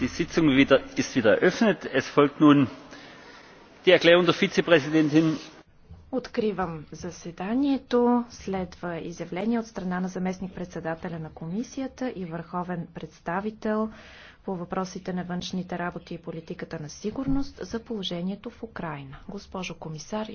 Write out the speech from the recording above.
die sitzung ist wieder eröffnet. es folgt nun die erklärung der vizepräsidentin. Откривам заседанието. Следва изявление от страна на заместник-председателя на комисията и върховен представител по въпросите на външните работи и политиката на сигурност за положението в Украина. Госпожо комисар,